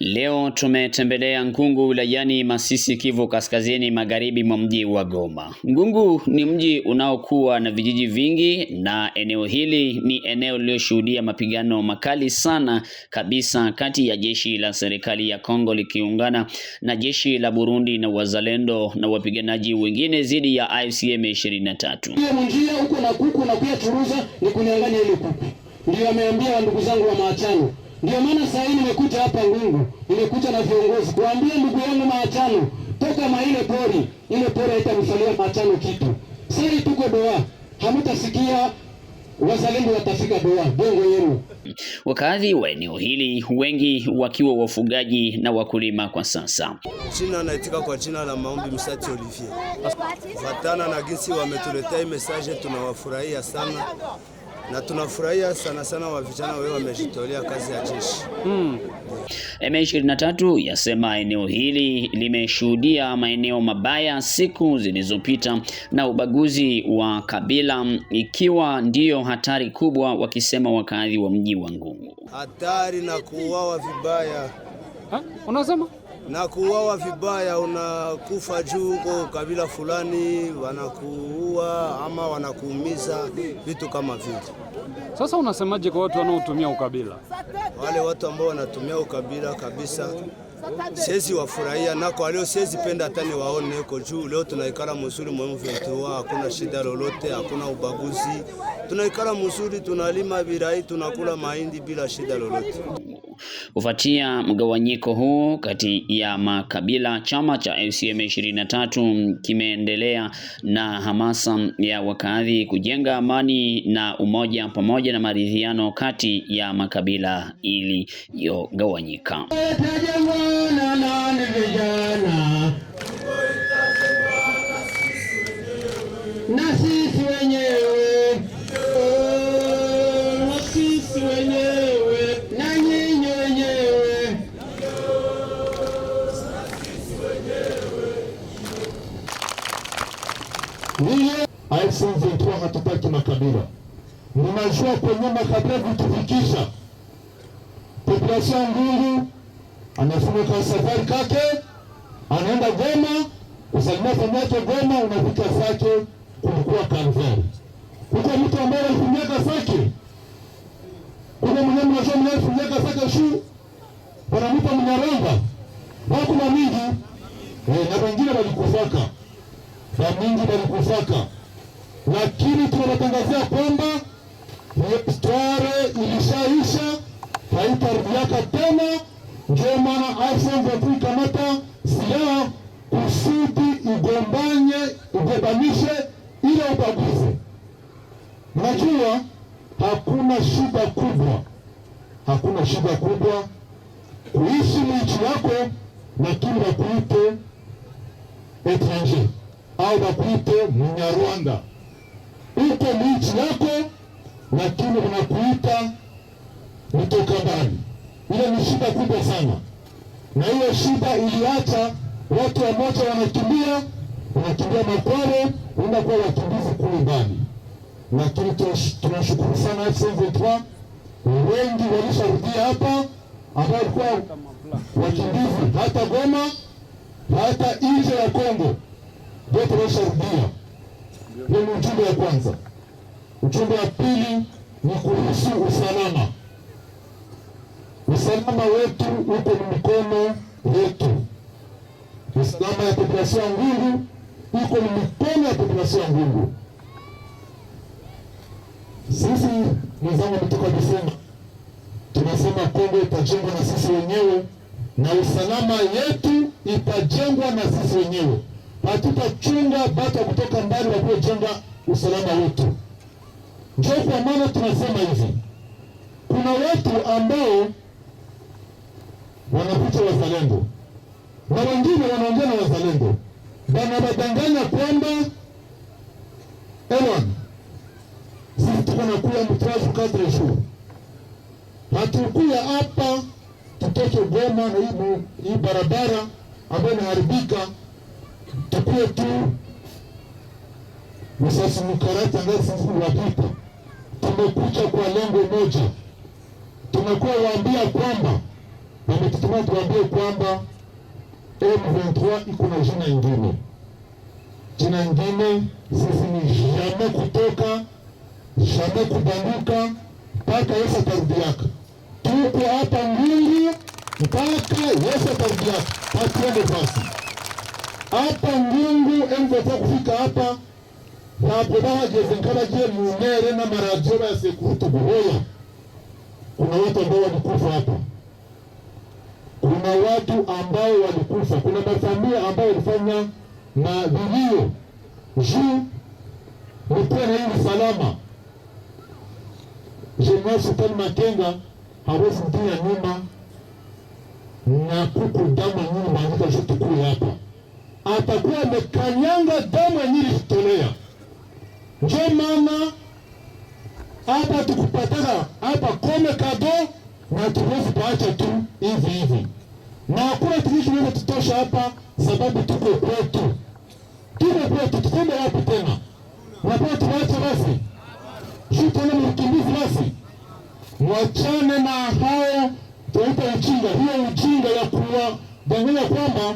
Leo tumetembelea Ngungu wilayani Masisi, Kivu Kaskazini, magharibi mwa mji wa Goma. Ngungu ni mji unaokuwa na vijiji vingi, na eneo hili ni eneo lililoshuhudia mapigano makali sana kabisa kati ya jeshi la serikali ya Kongo likiungana na jeshi la Burundi na wazalendo na wapiganaji wengine dhidi ya AFCM 23. Mwingie huko na kuku na kuya turuza ni kunyang'anya ile kuku, ndio ameambia ndugu zangu wa maachano ndio maana saa hii nimekuja hapa Ngungu, nimekuja na viongozi kuambia ndugu yangu maachano toka maile pori, ile pori itamsalia maachano kitu. Sasa tuko doa, hamtasikia wazalendo watafika doa bongo yenu. Wakazi wa eneo hili wengi wakiwa wafugaji na wakulima kwa sasa. Jina naitika kwa jina la Maombi Msati Olivier. Fatana na ginsi wametuletea message, tunawafurahia sana na tunafurahia sana sana wa vijana wao wamejitolea kazi ya jeshi mm. M23 yasema eneo hili limeshuhudia maeneo mabaya siku zilizopita na ubaguzi wa kabila ikiwa ndiyo hatari kubwa, wakisema wakazi wa mji wa Ngungu hatari na kuuawa vibaya. Ha? Unasema? na kuuawa vibaya, unakufa juu uko kabila fulani, wanakuua ama wanakuumiza, vitu kama vile. Sasa unasemaje kwa watu wanaotumia ukabila? Wale watu ambao wanatumia ukabila kabisa siezi wafurahia nako alio siezi penda hata ni waone huko juu. Leo tunaikala muzuri mwemuvetua, hakuna shida lolote, hakuna ubaguzi, tunaikala muzuri, tunalima birai, tunakula mahindi bila shida lolote. Kufuatia mgawanyiko huu kati ya makabila, chama cha fcm 23 kimeendelea na hamasa ya wakaadhi kujenga amani na umoja pamoja na maridhiano kati ya makabila iliyogawanyika. na sisi wenyewe yako makabila, mnajua kwenye makabila kutufikisha populasion anafunga kwa safari kake anaenda Goma kusalimia familia yake Goma, unafika Sake kulikuwa kanzari. Kuna mtu ambaye alifungiaka Sake, kuna mwenye mnajua mwenye alifungiaka Sake shu wanamupa Mnyaranga wakuma mingi eh, na wengine walikufaka na mingi walikufaka lakini tunawatangazia kwamba stware ilishaisha, haitarudiaka tena. Ndio maana afsn kamata silaha kusudi igombanye, igombanishe ile ubaguzi. Najua hakuna shida kubwa, hakuna shida kubwa kuishi nchi yako, lakini wakuite etranger au wakuite mnyarwanda uko mji yako, lakini unakuita nitoka mbali. Ile ni shida kubwa sana, na hiyo shida iliacha watu wamoja wanakimbia, wanakimbia Makware, wenda kuwa wakimbizi kule ndani. Lakini tunashukuru sana m wengi walisharudia hapa, ambao walikuwa wakimbizi hata Goma, hata nje ya Kongo, wote walisharudia huo ni ujumbe wa kwanza. Ujumbe wa pili ni kuhusu usalama. Usalama wetu uko ni mikono yetu. Usalama ya populasion ya Ngungu iko ni mikono ya populasion ya Ngungu. Sisi mwenzangu ametoka kusema, tunasema Kongo itajengwa na sisi wenyewe na usalama yetu itajengwa na sisi wenyewe hatutachunga bata kutoka ndani waliochunga usalama wetu. Ndio kwa maana tunasema hivi, kuna watu ambao wanaficha wazalendo na wengine wanaongea na wazalendo, wanabadanganya kwamba ewan sisi tuko nakuya mtrafu kadri shuru hatukuya hapa tutoke Goma na hii barabara ambayo inaharibika tukue tu risasi mkarata ambaye sisi tumekuja kwa lengo moja. Tumekuwa waambia kwamba wametutumia tuambie kwamba M23 iko na jina ingine, jina ingine. Sisi ni jame kutoka jame kubanduka mpaka Yesu atarudiaka. Tuko hapa nguvu mpaka Yesu atarudiaka, hatuende basi hapa ngungu engoza kufika hapa ntabwo bahageze nk'abagiye mu ntera n'amaradiyo bayasekurutuguhoya kuna watu ambao walikufa hapa, kuna watu ambao walikufa, kuna mafamia ambao walifanya na vilio juu nikuwa na hii usalama. Jenerali Sultani Makenga hawezi kutia nyuma na kuku damu nyuma, maandika juu tukuu hapa atakuwa amekanyanga damu yenye ilitutolea. Njo mama hapa tukupataka hapa kome kado na tuwezi kuacha tu hivi hivi, na hakuna kitu tukiweza tutosha hapa, sababu tuko kwetu, tuko kwetu, tukumbe wapi tena? Napaa tuwaache basi shu tena mkimbizi basi, mwachane na hao tunaita ujinga, hiyo ujinga ya kuwa danganya kwamba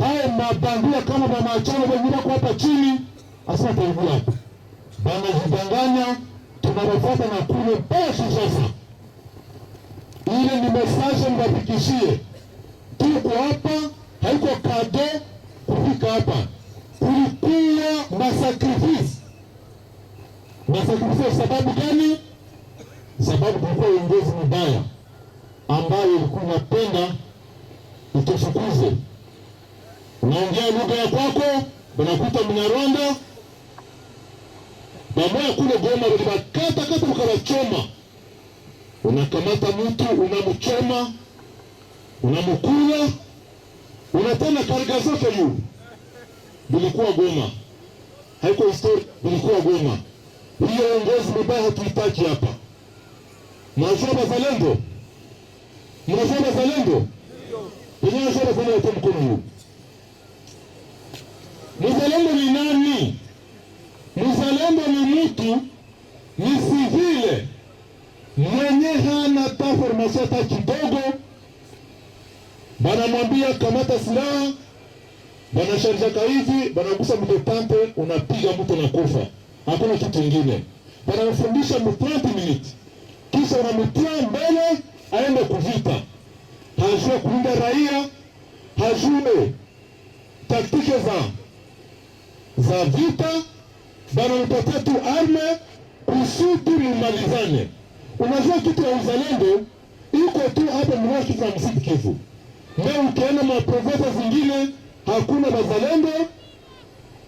haya mabandia kama wamachano wengine kwa hapa chini, asa ataingia hapa wanajidanganya, tunarefata na kule basi Sasa ile ni mesaje niwafikishie, tuko hapa, haiko kado kufika hapa, kulikuwa masakrifisi masakrifisi na Sababu gani? Sababu kulikuwa uongozi mbaya ambayo ilikuwa inapenda ituchukuze unaongea lugha ya kwako, unakuta Mnyarwanda bamoya kule Goma ulibakata kata ukabachoma. Unakamata mtu unamchoma, unamukula, unatenda karga zote. Yu bilikuwa Goma, haiko historia, bilikuwa Goma. Hiyo uongozi mbaya hatuhitaji hapa. Mnajua bazalendo, mnajua bazalendo, enyewe jua bazalendo, mkono huu Mzalendo ni nani? Mzalendo ni mtu ni sivile mwenye hana hata formasio hata kidogo, banamwambia kamata silaha, banasharijaka hivi, banagusa militante, unapiga mtu na kufa, hakuna kitu kingine. Banamfundisha mutante minutes, kisha unamtia mbele aende kuvita. Hajua kulinda raia, hajue taktike za za vita, bananipatia tu arme kusudi mumalizane. Unajua kitu ya uzalendo iko tu hapa mwaki za msitu Kivu. Leo ukienda maprofesa zingine hakuna bazalendo,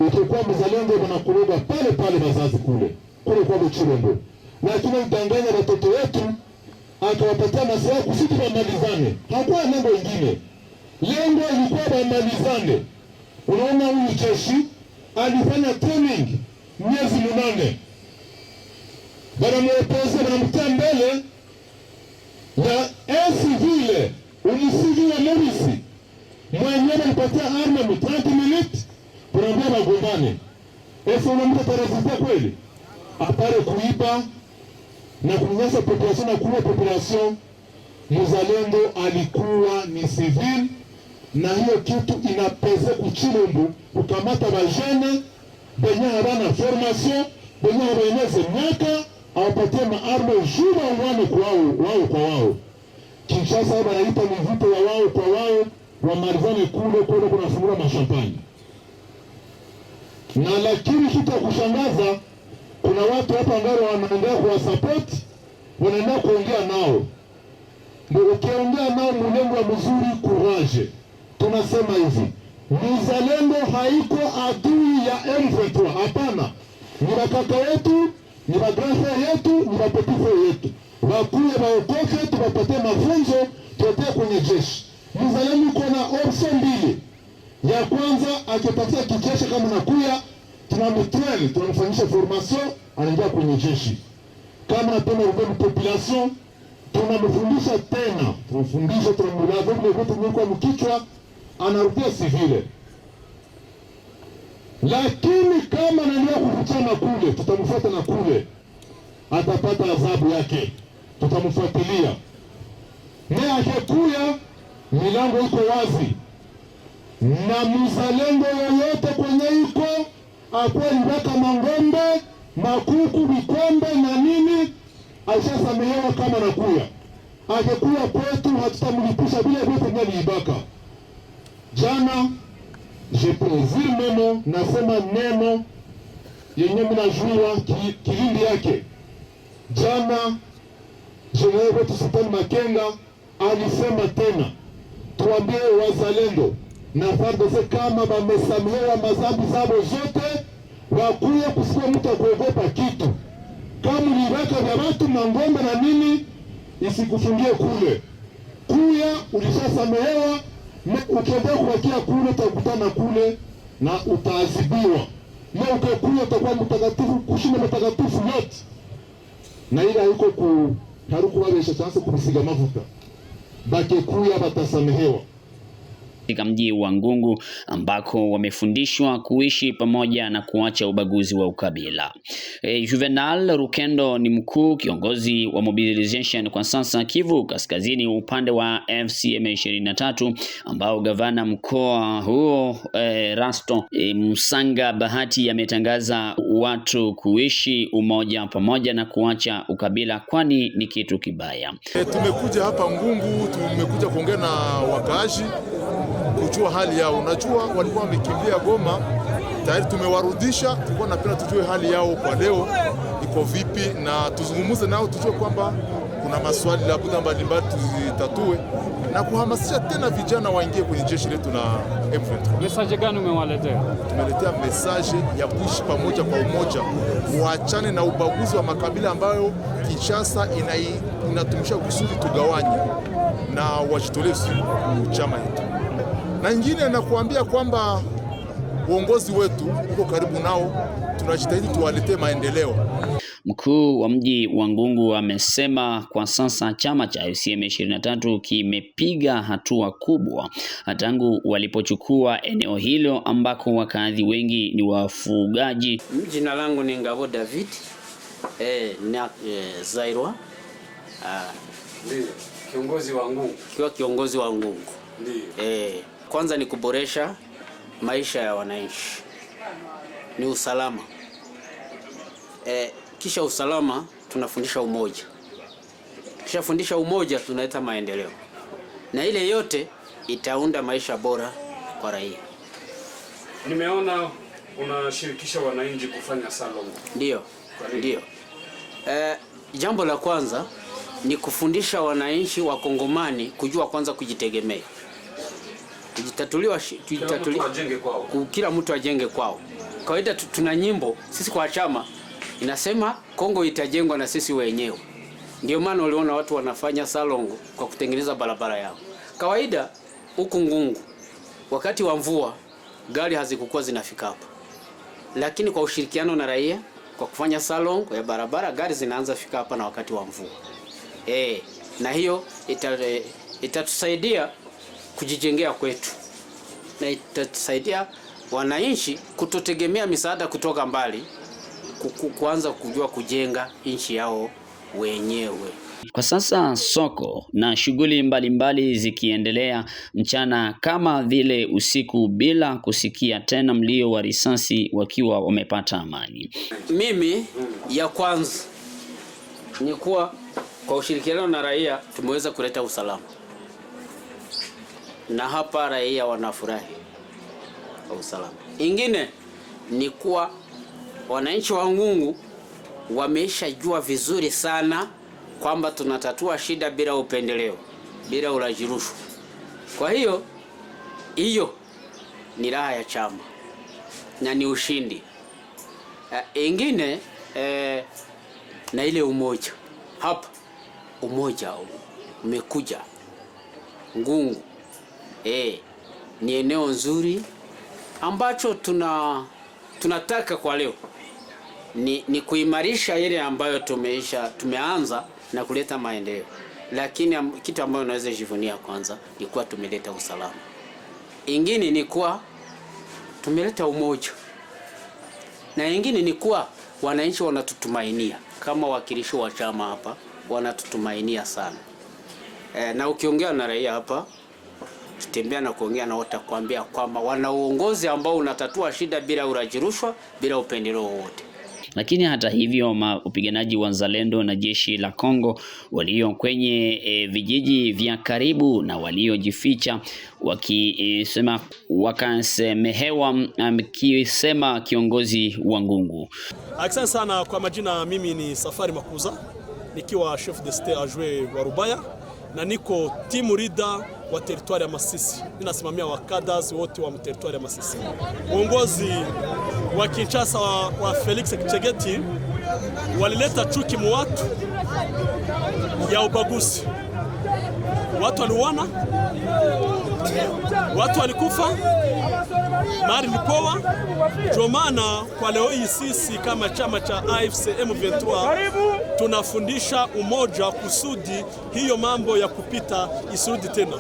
ukikuwa mzalendo wanakuroga pale pale bazazi kule kule kwa Buchirembo, lakini utanganya watoto wetu akawapatia masaa kusudi wamalizane, hakuwa lengo ingine. Lengo ilikuwa wamalizane. Unaona huyu cheshi alifanya tuning miezi minane, wanamuopoza wanamtia mbele ya ensi vile umusiji wa Morisi mwenyewe alipatia armami 20 minute kunaambia magombane esi unamta tarazizia kweli apare kuiba na kunyasa population na kuua population. Muzalendo alikuwa ni civil na hiyo kitu inapeze kuchilumbu kukamata bajene benye habana formation benye habaeneze miaka awapatie maarme juma uwane kwao wao kwa wao. Kinshasa banaita ni vita ya wao kwa wao, marizani kule kule, kuna fungura mashampani na lakini kitu ya kushangaza, kuna watu hapa ngaro wanaendelea kuwasapoti, wanaendelea kuongea nao, ukiongea nao mulengo wa mzuri, kuraje tunasema hivi, mizalendo haiko adui ya M23, hapana. Ni wakaka wetu, ni wagrasa yetu, ni wapetife yetu, wakuye waokoke, tuwapatie mafunzo, tuwetee kwenye jeshi. Mizalendo kuna option mbili, ya kwanza akipatia kijeshi, kama nakuya tunamtweli, tunamfanyisha formation, anaingia kwenye jeshi. Kama tena uwe population, tunamfundisha tena, tunamfundisha tunamulaza vile vitu vilikuwa mkichwa anarudia sivile, lakini kama anaendelea na kule, tutamfuata na kule atapata adhabu yake, tutamfuatilia naye. Akikuya milango iko wazi, na mzalendo yoyote kwenye iko libaka mangombe makuku vikombe na nini, aishasamehewa kama nakuya. akekuya kwetu hatutamlipisha vile vyote vya liibaka. Jana je neno nasema neno yenye mnajua kilindi yake. Jana jenerali wetu Sultani Makenga alisema tena, tuambie wazalendo na FARDC kama wamesamehewa mazambi zao zote, wakuye kusikia mtu akuogopa kitu kama uliraka vya watu mangombe na nini, isikufungie kule kuya, ulishasamehewa ukiendea kuwekea kule utakutana kule na utaadhibiwa. na ukakule utakuwa mtakatifu kushinda mtakatifu yote, na ile haiko ku haruku babesha chansi kubisiga mavuta bakekuya batasamehewa katika mji wa Ngungu ambako wamefundishwa kuishi pamoja na kuacha ubaguzi wa ukabila. E, Juvenal Rukendo ni mkuu kiongozi wa mobilization kwa sasa Kivu Kaskazini upande wa FCM 23 ambao gavana mkoa huo e, Rasto e, Msanga Bahati ametangaza watu kuishi umoja pamoja na kuacha ukabila kwani ni kitu kibaya. E, tumekuja hapa Ngungu, tumekuja kuongea na wakaaji kujua hali yao. Unajua walikuwa wamekimbia Goma tayari, tumewarudisha. Tulikuwa napenda tujue hali yao kwa leo iko vipi, na tuzungumuze nao tujue kwamba kuna maswali labda mbalimbali tuzitatue na kuhamasisha tena vijana waingie kwenye jeshi letu la M23. Message gani umewaletea? Tumeletea message ya kuishi pamoja kwa umoja, waachane na ubaguzi wa makabila ambayo Kinshasa inatumisha kusudi tugawanye, na wajitolee chama yetu na ingine nakuambia kwamba uongozi wetu uko karibu nao, tunajitahidi tuwaletee maendeleo. Mkuu wa mji wa Ngungu amesema kwa sasa chama cha UCM 23 kimepiga hatua kubwa tangu walipochukua eneo hilo ambako wakazi wengi ni wafugaji. Jina langu ni Ngabo David eh, na e, Zairwa ah, ndio kiongozi wa Ngungu, kiwa kiongozi wa Ngungu ndio eh kwanza ni kuboresha maisha ya wananchi, ni usalama e, kisha usalama tunafundisha umoja, kisha fundisha umoja tunaleta maendeleo, na ile yote itaunda maisha bora kwa raia. Nimeona unashirikisha wananchi kufanya salon. Ndio, ndio. E, jambo la kwanza ni kufundisha wananchi wa Kongomani kujua kwanza kujitegemea tujitatuliwa kila mtu ajenge kwao. Kawaida tuna nyimbo sisi kwa chama inasema Kongo itajengwa na sisi wenyewe. Ndio maana uliona watu wanafanya salongo kwa kutengeneza barabara yao. Kawaida huku Ngungu wakati wa mvua gari hazikukua zinafika hapa, lakini kwa ushirikiano na raia kwa kufanya salongo ya barabara gari zinaanza fika hapa na wakati wa mvua eh, na hiyo eh, itatusaidia ita kujijengea kwetu, na itasaidia wananchi kutotegemea misaada kutoka mbali, kuanza kujua kujenga nchi yao wenyewe. Kwa sasa soko na shughuli mbalimbali zikiendelea mchana kama vile usiku, bila kusikia tena mlio wa risasi, wakiwa wamepata amani. Mimi ya kwanza ni kuwa kwa ushirikiano na raia tumeweza kuleta usalama na hapa raia wanafurahi kwa usalama. Ingine ni kuwa wananchi wa Ngungu wameshajua vizuri sana kwamba tunatatua shida bila upendeleo, bila ulaji rushwa. Kwa hiyo hiyo ni raha ya chama na ni ushindi eh, ingine e, na ile umoja hapa, umoja umekuja Ngungu. E, ni eneo nzuri ambacho tuna tunataka kwa leo ni, ni kuimarisha ile ambayo tumeisha tumeanza na kuleta maendeleo, lakini kitu ambayo unaweza jivunia kwanza ni kuwa tumeleta usalama, ingine ni kuwa tumeleta umoja, na ingine ni kuwa wananchi wanatutumainia kama wakilishi wa chama hapa, wanatutumainia sana e, na ukiongea na raia hapa tutembea na kuongea na watakwambia kwamba wana uongozi ambao unatatua shida bila uraji rushwa, bila upendeleo wowote. Lakini hata hivyo wapiganaji wa zalendo na jeshi la Kongo walio kwenye e, vijiji vya karibu na waliojificha wakisema wakasemehewa, mkisema um, kiongozi wa Ngungu. Asante sana kwa majina, mimi ni Safari Makuza nikiwa chef de state wa Rubaya na niko timu leader wa teritwari ya Masisi. Ninasimamia wakadazi wote wa teritwari ya Masisi. Uongozi wa Kinshasa wa, wa Felix Tshisekedi walileta chuki mu watu ya ubaguzi watu waliuana, watu walikufa, mali lipoa Ndio maana kwa leo hii sisi kama chama cha AFC M23 tunafundisha umoja, kusudi hiyo mambo ya kupita isirudi tena.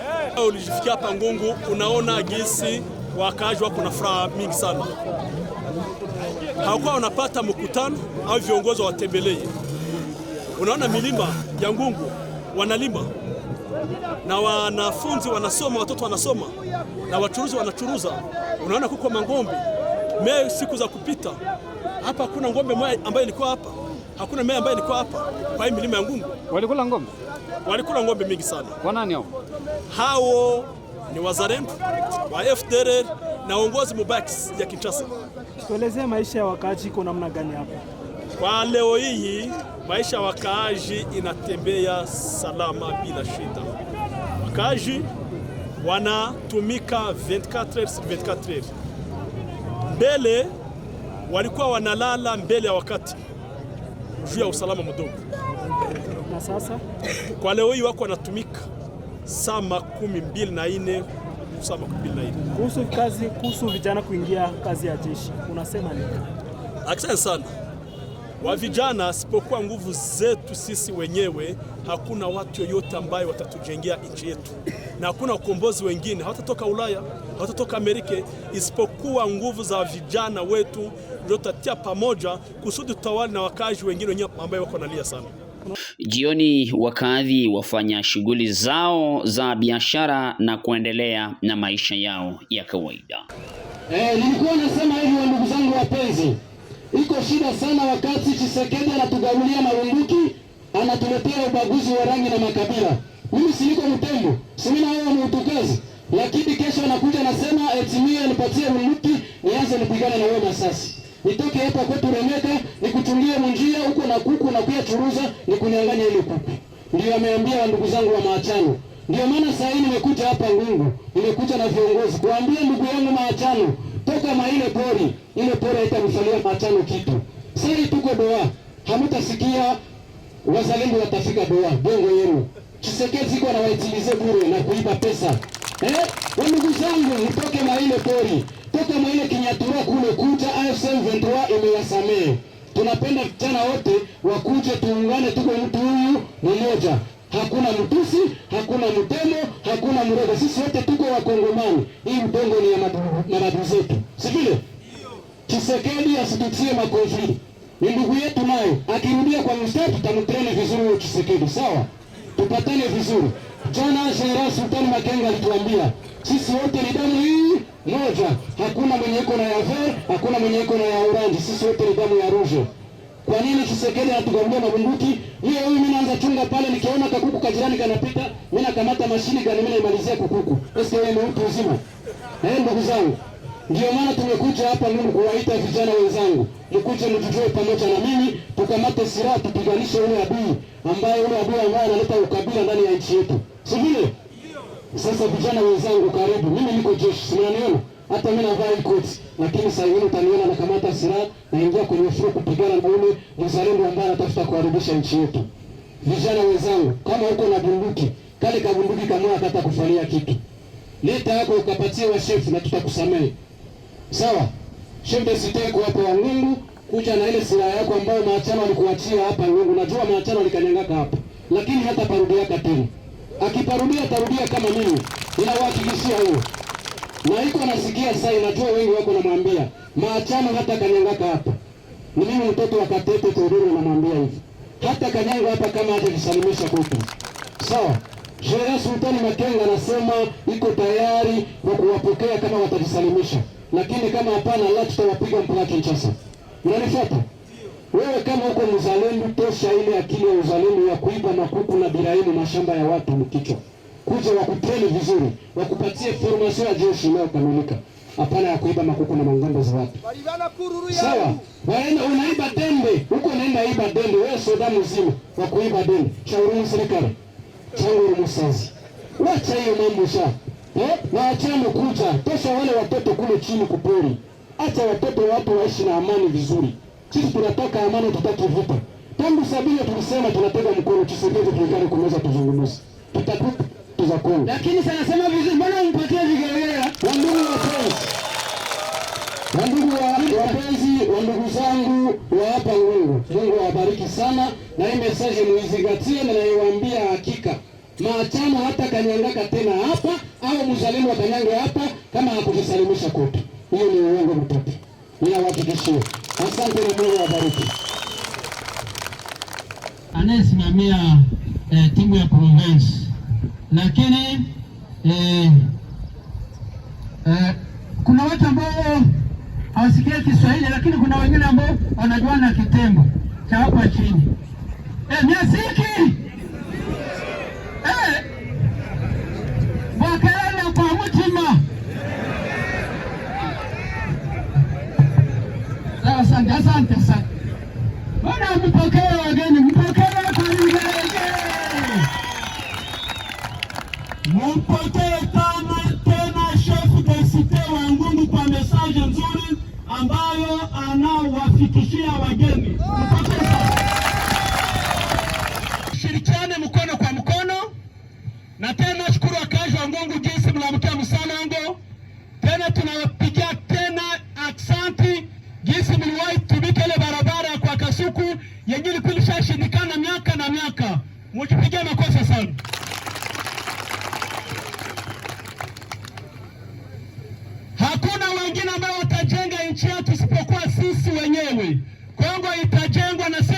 Ulijifikia hapa Ngungu, unaona gesi wakaaji wako na furaha mingi sana, hawakuwa wanapata mkutano au viongozi wawatembelee. Unaona milima ya Ngungu wanalima na wanafunzi wanasoma, watoto wanasoma na wachuruzi wanachuruza. Unaona kuko mangombe mee siku za kupita hapa, hakuna ngombe moja ambaye ilikuwa hapa, hakuna mea ambaye ilikuwa hapa. Kwa hii milima ya Ngungu walikula ngombe, walikula ngombe mingi sana. Kwa nani hao? Hao ni wazalendo wa fdr na uongozi mubaki ya Kinshasa. Tuelezee maisha ya wakaaji iko namna gani hapa kwa leo hii? Maisha ya wakaaji inatembea salama bila shida wakazi wanatumika 24 24 Mbele walikuwa wanalala mbele ya wakati juu ya usalama mdogo, na sasa kwa leo hii wako wanatumika saa makumi mbili na nne saa makumi mbili na Kuhusu kazi, kuhusu vijana kuingia kazi ya jeshi unasema nini? Asante sana wa vijana, sipokuwa nguvu zetu sisi wenyewe, hakuna watu yoyote ambaye watatujengea nchi yetu, na hakuna ukombozi wengine, hawatatoka Ulaya, hawatatoka Amerika, isipokuwa nguvu za vijana wetu tutatia pamoja, kusudi tutawali na wakazi wengine wenyewe ambao wako nalia sana. Jioni wakazi wafanya shughuli zao za biashara na kuendelea na maisha yao ya kawaida. Eh, nilikuwa nasema hivi ndugu zangu wapenzi iko shida sana, wakati Chisekedi anatugabulia marunduki, anatuletea ubaguzi wa rangi na makabila. Mimi siliko niko Mtembo, si wewe ni utukezi, lakini kesho anakuja nasema eti mimi anipatie runduki nianze nipigane na wewe masasi, nitoke hapa kwetu Remeka nikuchungie munjia huko na kuku na kuya churuza nikunyang'anya ile kuku. Ndio ameambia ndugu zangu wa maachano. Ndio maana sasa nimekuja hapa Ngungu, nimekuja na viongozi kuambia ndugu yangu maachano sababu kama ile pori ile pori haitamsalia machano kitu. Sisi tuko doa, hamtasikia wazalendo watafika doa bongo yenu. Chisekezi ziko na waitilize bure na kuiba pesa eh. Ndugu zangu, mtoke mwa ile pori, toka mwa ile kinyatura kule, kuja AFC M23 imewasamee. Tunapenda vijana wote wakuje, tuungane, tuko mtu huyu mmoja hakuna mtusi, hakuna mtemo, hakuna mrega. Sisi wote tuko Wakongomani. Hii mtongo ni ya mababu zetu, si vile? Chisekedi asitutie makofi, ni ndugu yetu, nayo akirudia kwa mstari tutamtrene vizuri huyo Chisekedi, sawa? Tupatane vizuri. Jana jenera Sultani Makenga alituambia sisi wote ni damu hii moja, hakuna mwenye iko na ya ver, hakuna mwenye iko na ya urangi sisi wote ni damu ya ruvo Kwa nini Chisekedi anatugambia mabunduki? Yeye huyu mi naanza chunga pale niki gani kanapita, mimi nakamata mashini gani, mimi naimalizia kukuku. Sasa wewe mtu mzima eh, ndugu zangu, ndio maana tumekuja hapa mimi kuwaita vijana wenzangu, mkuje mtujue pamoja na mimi, tukamate silaha, tupiganishe ule adui ambaye ule adui ambaye analeta ukabila ndani ya nchi yetu, si vile? Sasa vijana wenzangu, karibu. Mimi niko jeshi, simaniona hata mimi navaa koti, lakini saa ingine utaniona nakamata silaha, naingia kwenye fuko kupigana na ule mzalendo ambaye anatafuta kuharibisha nchi yetu vijana wenzangu, kama uko na bunduki, kale ka bunduki kama hata akatakufanyia kitu, leta yako ukapatiwa shefu na tutakusamehe. Sawa, shefu desite yuko hapa wa Mungu kuja na ile silaha yako ambayo maachano alikuachia hapa Mungu. Najua maachano alikanyangaka hapa, lakini hata parudiaka tena, akiparudia tarudia kama mimi, ninawahakikishia huo na iko nasikia sasa, inajua wengi wako namwambia maachano hata kanyangaka hapa, ni mimi mtoto wa Katete Toriro namwambia hivi hata Kanyango hapa kama aje kisalimisha kutu sawa. So, Sultani Makenga anasema iko tayari kwa kuwapokea kama watajisalimisha, lakini kama hapana, la tutawapiga mpaka Kinshasa. Unanifuata? Wewe kama uko mzalendo tosha, ile akili ya uzalendo ya kuiba makuku na birahimu mashamba ya watu mkichwa, kuja wakutreni vizuri, wakupatie formasio ya jeshi inayokamilika hapana ya kuiba makuku na mangombe za watu. Sawa, waenda unaiba dembe huko, unaenda iba dembe wewe, soda mzima wa kuiba dembe. Shauri serikali, shauri msazi, wacha hiyo mambo sha eh, na acha kuja tosha. Wale watoto kule chini kupori, acha watoto wapo waishi na amani vizuri. Sisi tunataka amani, tutaki vita. Tangu sabini tulisema tunapiga mkono, tusiendeze tulikane kumeza, tuzungumze tutakupa lakini sanasema vizuri, mbona umpatie vigelegele? Wandugu wapenzi wa ndugu zangu wa hapa Ngungu, Mungu awabariki sana, na hii meseji muizingatie, ninaiwaambia hakika maachama hata kanyangaka tena hapa au mzalimu akanyange hapa kama hakutusalimisha kwetu, hiyo ni uongo mtupu, ninawahakikishia. Asante na Mungu awabariki. Anayesimamia eh, timu ya province lakini eh, eh, kuna watu ambao hawasikia Kiswahili, lakini kuna wengine ambao wanajua na kitembo cha hapa chini eh, miasiki eh, kwa mtima. Asante, asante. Mpokee kama tena chef de wa Ngungu kwa message nzuri ambayo anawafikishia wageni. Shirikiane mkono kwa mkono, na tena shukuru wakazi wa Ngungu jinsi mnaamkia msanango. Tena tunawapigia tena aksanti jinsi mliwahi tumika ile barabara kwa Kasuku yenye ilikuwa ilishashindikana miaka na miaka, mjipigie sisi wenyewe. Kongo itajengwa na